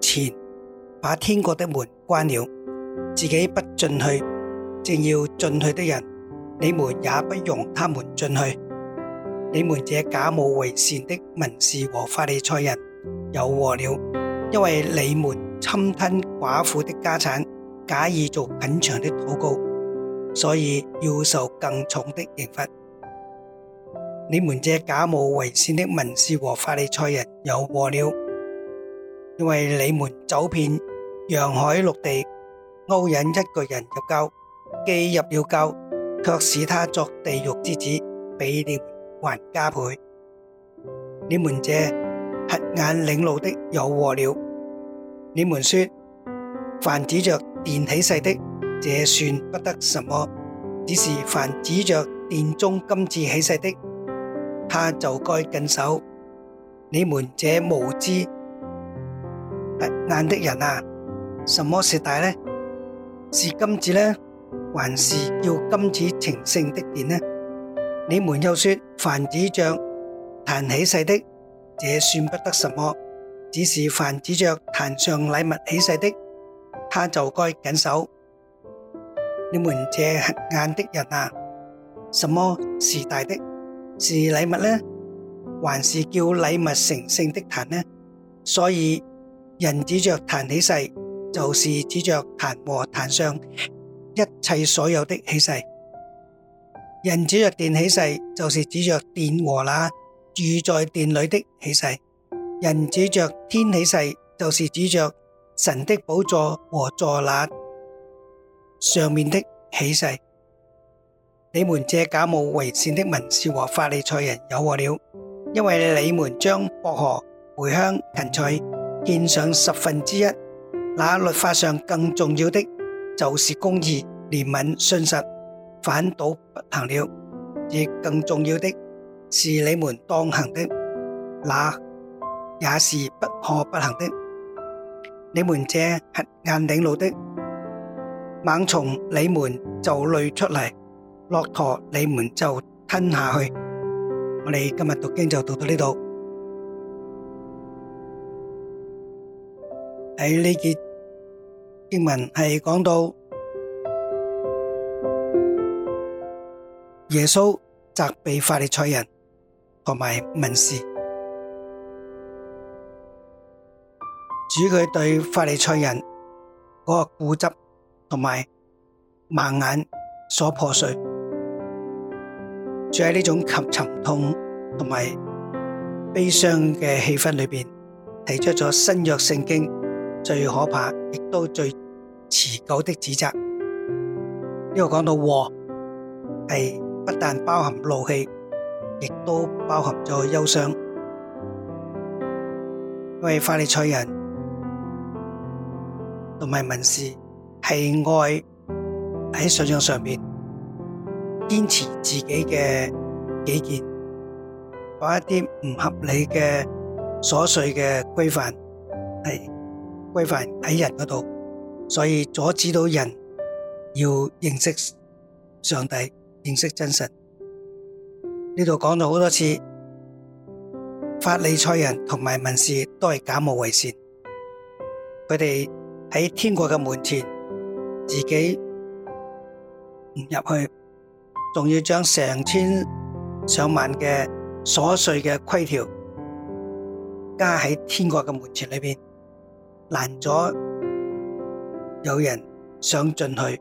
前把天國的門關了，自己不進去，正要進去的人，你們也不容他們進去。你們這假冒為善的文士和法利賽人有禍了，因為你們侵吞寡婦的家產，假意做很長的禱告，所以要受更重的刑罰。你們這假冒為善的文士和法利賽人有禍了。因為你們走遍，洋海陸地，眼的人啊，什麼是大呢？是金子呢，還是叫金子成聖的殿呢？你們又說凡指着壇起誓的，這算不得什麼，只是凡指着壇上禮物起誓的，他就該緊守。你們這眼的人啊，什麼是大的？是禮物呢？還是叫禮物成聖的壇呢？所以。人指着壇起誓，就是指着壇和壇上一切所有的起誓；人指着殿起誓，就是指着殿和那住在殿裏的起誓；人指着天起誓，就是指着神的寶座和座那上面的起誓。你們這假冒為善的文士和法利賽人有禍了，因為你們將薄荷、茴香、芹菜。獻上十分之一，那律法上更重要的就是公義、憐憫、信實，反倒不行了。亦更重要的是你們當行的，那也是不可不行的。你們這瞎眼領路的蠓蟲，你們就濾出嚟；駱駝，你們就吞下去。我哋今日讀經就讀到呢度。喺呢節經文係講到耶穌責備法利賽人同埋文士，指佢對法利賽人嗰個固執同埋盲眼所破碎，就喺呢種及沉痛同埋悲傷嘅氣氛裏邊提出咗新約聖經。最可怕，亦都最持久的指責。呢個講到禍，係不但包含怒氣，亦都包含咗憂傷。因為法利賽人同埋文士，係愛喺信仰上面堅持自己嘅己見，把一啲唔合理嘅瑣碎嘅規範係。規範喺人嗰度，所以阻止到人要認識上帝、認識真實。呢度講咗好多次，法利賽人同埋文士都係假冒為善，佢哋喺天國嘅門前自己唔入去，仲要將成千上萬嘅瑣碎嘅規條加喺天國嘅門前裏邊。難咗，有人想進去，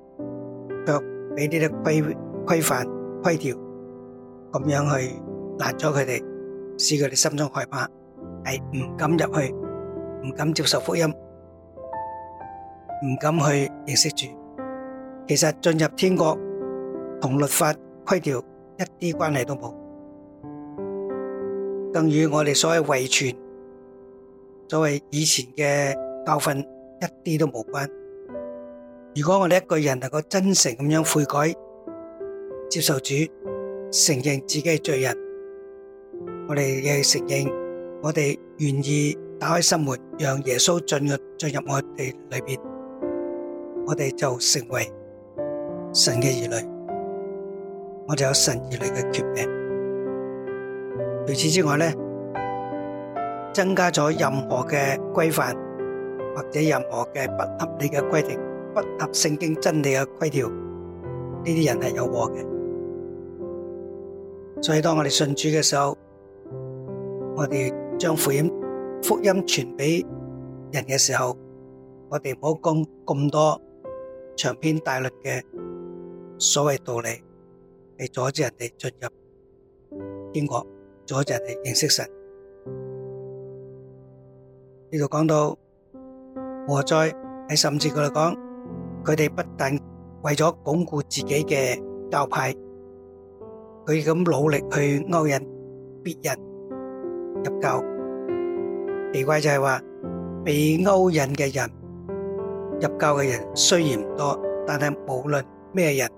卻俾呢啲規規範規條咁樣去，難咗佢哋，使佢哋心中害怕，係唔敢入去，唔敢接受福音，唔敢去認識主。其實進入天國同律法規條一啲關係都冇，更與我哋所謂遺傳，所謂以前嘅教訓一啲都無關。如果我哋一個人能夠真誠咁樣悔改，接受主，承認自己係罪人，我哋嘅承認，我哋願意打開心門，讓耶穌進入進入我哋裏面，我哋就成為神嘅兒女，我哋有神兒女嘅權柄。除此之外呢，增加咗任何嘅規範。或者任何嘅不合理嘅規定，不合聖經真理嘅規條，呢啲人係有禍嘅。所以當我哋信主嘅時候，我哋將福音福音傳俾人嘅時候，我哋唔好講咁多長篇大論嘅所謂道理，嚟阻止人哋進入天國，阻止人哋認識神。呢度講到。何在，係甚至佢哋講，佢哋不但為咗鞏固自己嘅教派，佢咁努力去勾引別人入教。奇怪就係話，被勾引嘅人入教嘅人雖然唔多，但係無論咩人，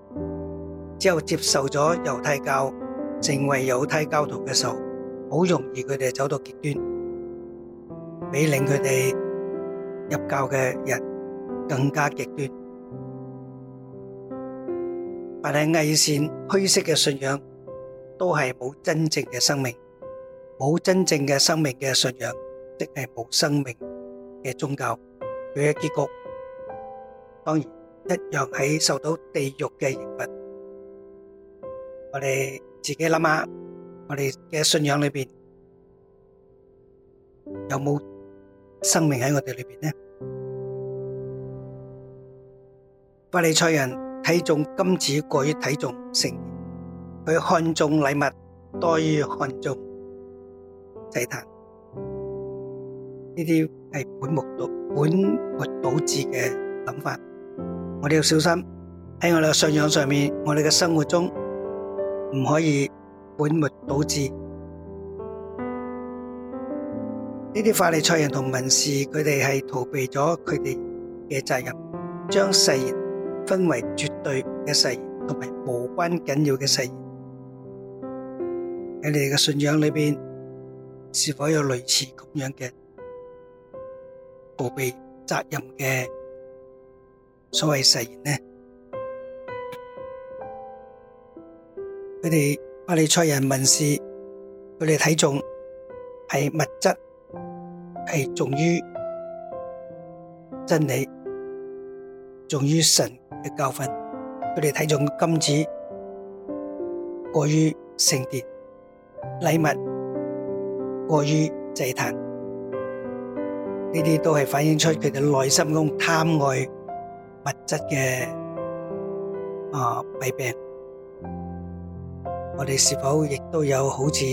之後接受咗猶太教，成為猶太教徒嘅時候，好容易佢哋走到極端，俾令佢哋。入教嘅人更加極端，但係偽善、虛飾嘅信仰都係冇真正嘅生命，冇真正嘅生命嘅信仰，即係冇生命嘅宗教，佢嘅結局當然一樣喺受到地獄嘅刑罰。我哋自己諗下，我哋嘅信仰裏邊有冇？生命喺我哋裏邊呢，法利賽人睇重金子過於睇重聖殿，佢看重禮物多於看重祭壇，呢啲係本末倒本末倒置嘅諗法，我哋要小心，喺我哋嘅信仰上面，我哋嘅生活中唔可以本末倒置。呢啲法利賽人同文士，佢哋係逃避咗佢哋嘅責任，將誓言分為絕對嘅誓言同埋無關緊要嘅誓言。喺你哋嘅信仰裏邊，是否有類似咁樣嘅逃避責任嘅所謂誓言呢？佢哋法利賽人、文士，佢哋睇重係物質。係重於真理，重於神嘅教訓，佢哋睇重金子，過於聖殿禮物，過於祭壇，呢啲都係反映出佢哋內心嗰種貪愛物質嘅啊弊病。我哋是否亦都有好似？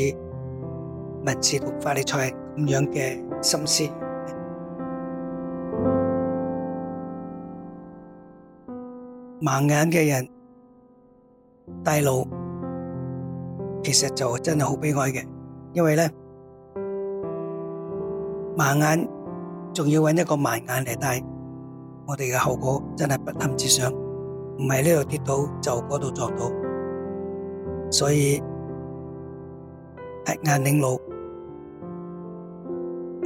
文字同法律才係咁樣嘅心思，盲眼嘅人帶路，其實就真係好悲哀嘅，因為咧盲眼仲要揾一個盲眼嚟帶，我哋嘅後果真係不堪設想，唔係呢度跌倒就嗰度撞到，所以一眼擰路。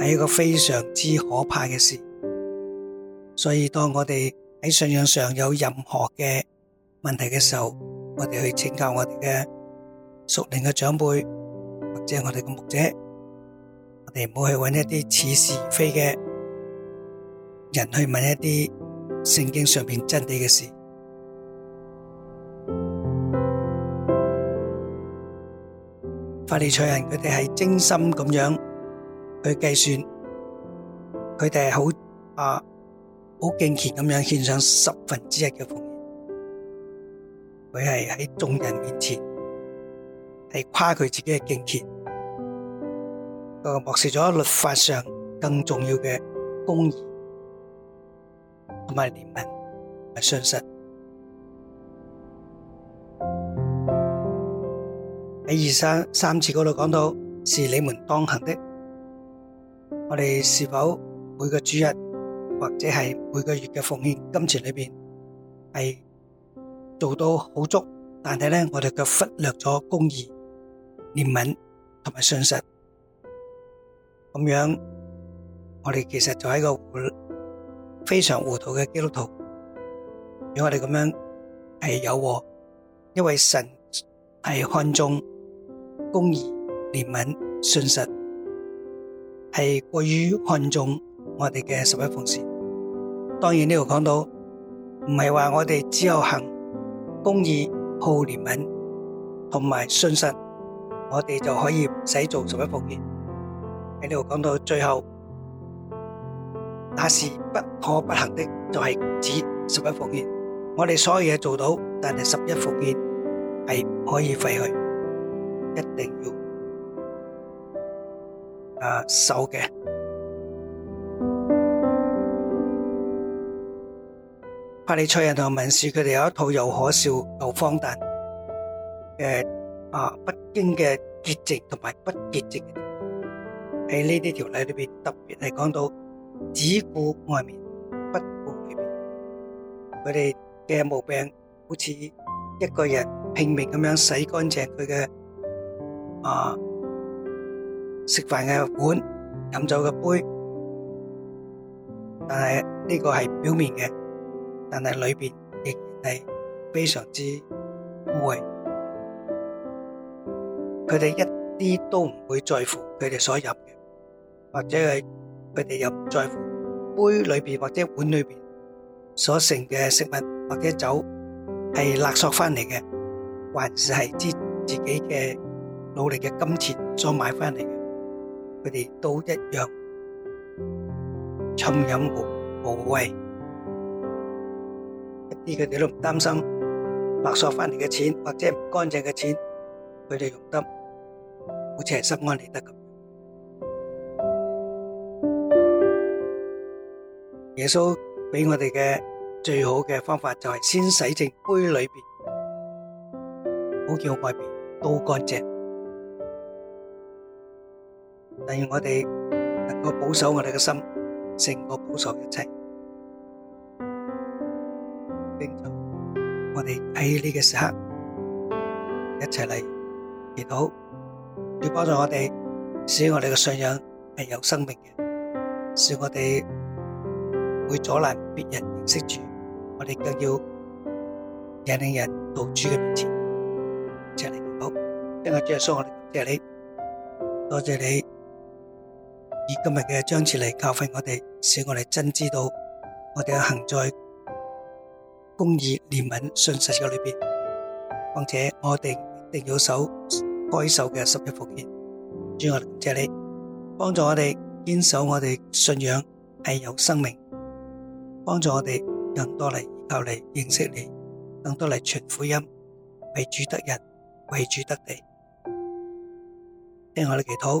係一個非常之可怕嘅事，所以當我哋喺信仰上有任何嘅問題嘅時候，我哋去請教我哋嘅熟練嘅長輩或者我哋嘅牧者，我哋唔好去搵一啲似是而非嘅人去問一啲聖經上面真理嘅事。法利賽人佢哋係精心咁樣。佢計算，佢哋係好啊，好敬虔咁樣獻上十分之一嘅奉獻。佢係喺眾人面前，係誇佢自己嘅敬虔，個漠視咗律法上更重要嘅公義同埋憐憫同埋信實。喺二三三節嗰度講到，是你們當行的。我哋是否每個主日或者係每個月嘅奉獻金錢裏邊係做到好足，但係咧我哋卻忽略咗公義、憐憫同埋信實，咁樣我哋其實就係一個非常糊塗嘅基督徒。如果我哋咁樣係有禍，因為神係看重公義、憐憫、信實。係過於看重我哋嘅十一奉獻。當然呢度講到，唔係話我哋只有行公義、好憐憫、同埋信實，我哋就可以唔使做十一奉獻。喺呢度講到最後，那是不可不行的，就係指十一奉獻。我哋所有嘢做到，但係十一奉獻係唔可以廢去，一定要。誒，手嘅。法利賽人同文士佢哋有一套又可笑又荒誕嘅，啊，不經嘅潔淨同埋不潔淨。喺呢啲條例裏邊，特別係講到只顧外面不顧裏邊，佢哋嘅毛病好似一個人拼命咁樣洗乾淨佢嘅，啊。食飯嘅碗、飲酒嘅杯，但係呢個係表面嘅，但係裏邊亦係非常之污穢。佢哋一啲都唔會在乎佢哋所飲嘅，或者係佢哋又唔在乎杯裏邊或者碗裏邊所盛嘅食物或者酒係勒索翻嚟嘅，還是係之自己嘅努力嘅金錢所買翻嚟嘅。佢哋都一樣，侵飲無無畏，一啲佢哋都唔擔心。勒索翻嚟嘅錢或者唔乾淨嘅錢，佢哋用得好似係心安理得咁。耶穌俾我哋嘅最好嘅方法就係先洗淨杯裏面，好叫外面都乾淨。但願我哋能夠保守我哋嘅心，勝過保守一切，並且我哋喺呢個時刻一齊嚟祈禱，要幫助我哋使我哋嘅信仰係有生命嘅，使我哋唔會阻攔別人認識主，我哋更要引領人到主嘅面前。一齊嚟祈禱。謝你，好，聽我結束，我哋謝你，多謝你。以今日嘅章節嚟教訓我哋，使我哋真知道我哋嘅行在公義、憐憫、信實嘅裏邊。況且我哋一定要守該守嘅十一奉獻。主，我哋感謝你，幫助我哋堅守我哋信仰係有生命。幫助我哋更多嚟依靠你，認識你，更多嚟傳福音，為主得人，為主得地。聽我哋祈禱。